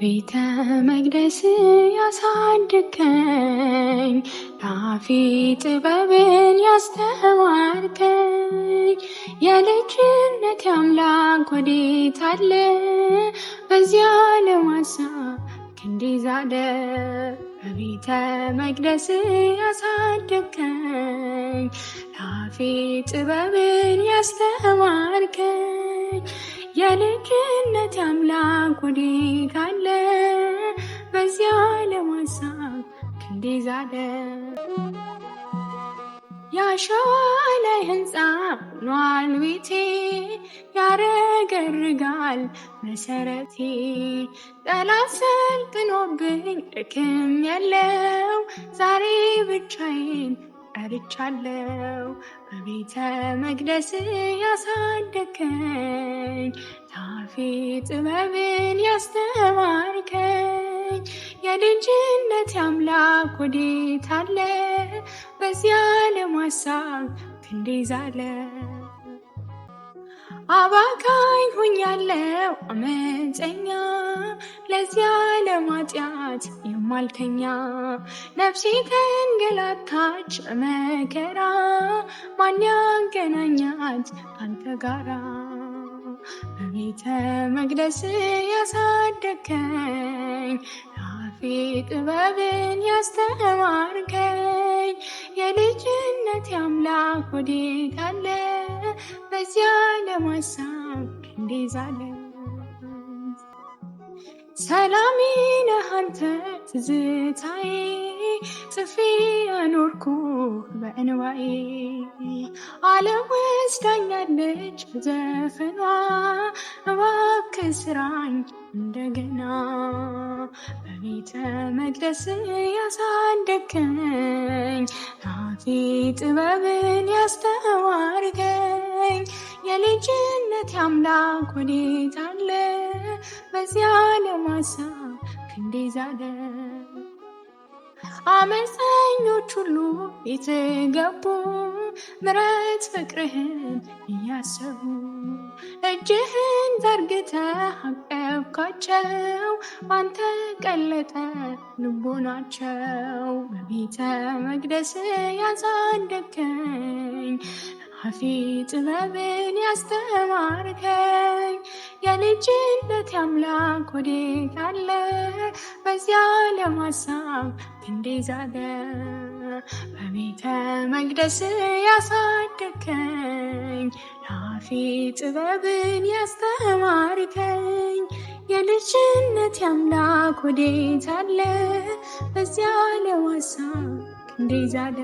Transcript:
ቤተ መቅደስ ያሳድከኝ ላፊ ጥበብን ያስተማርከኝ የልጅነት አምላክ ወዴት አለ? በዚያ ለማሳ ክንዲዛደ በቤተ መቅደስ ያሳድከኝ ላፊ ጥበብን ያስተማርከኝ የልክነት አምላክ ወዴት አለ? በዚያ ለማሳብ ክንዴ ዛለ። ያሸዋ ላይ ህንፃ ኗል ቤቴ ያረገርጋል መሰረቴ ጠላት ሰልጥኖብኝ ድክም ያለው ዛሬ ብቻዬን ቀርቻለው በቤተ መቅደስ ያሳደከኝ ታፊ ጥበብን ያስተማርከኝ የልጅነት አምላክ ወዴት አለ? በዚያ ለማሳብ ሀሳብ አባካኝ ሁኛለው አመፀኛ ለዚያ ለማጥያት የማልተኛ ነፍሴ ተንገላታች መከራ ማን ያገናኛት ካንተ ጋራ በቤተ መቅደስ ያሳደከኝ ራፊ ጥበብን ያስተማርከኝ የልጅነት አምላክ ወዴት አለ? በዚያ ለማሳብ እንዲዛለን ሰላሜ ነህ አንተ ትዝታዬ ጽፌ አኖርኩ በእንባዬ ዓለም ወስዳኛለች ዘፈኗ እባክህ ስራኝ እንደገና በቤተ መቅደስ ያሳደከኝ ናቴ ጥበብን ያስተዋርከኝ የልጅነት አምላክ ወዴት አለ? በዚያ ለማሳ ክንዴ ዛለ። አመፀኞች ሁሉ የተገቡ ምረት ፍቅርህን እያሰቡ እጅህን ዘርግተህ አቀፍካቸው ባንተ ቀለጠ ልቦናቸው በቤተ መቅደስ ያሳደከኝ አፌ ጥበብን ያስተማርከኝ የልጅነት አምላክ ወዴት አለ? በዚያ ለማሳብ እንዴት ዛለ? በቤተ መቅደስ ያሳደከኝ ለአፌ ጥበብን ያስተማርከኝ የልጅነት አምላክ ወዴት አለ? በዚያ ለማሳብ እንዴት ዛለ?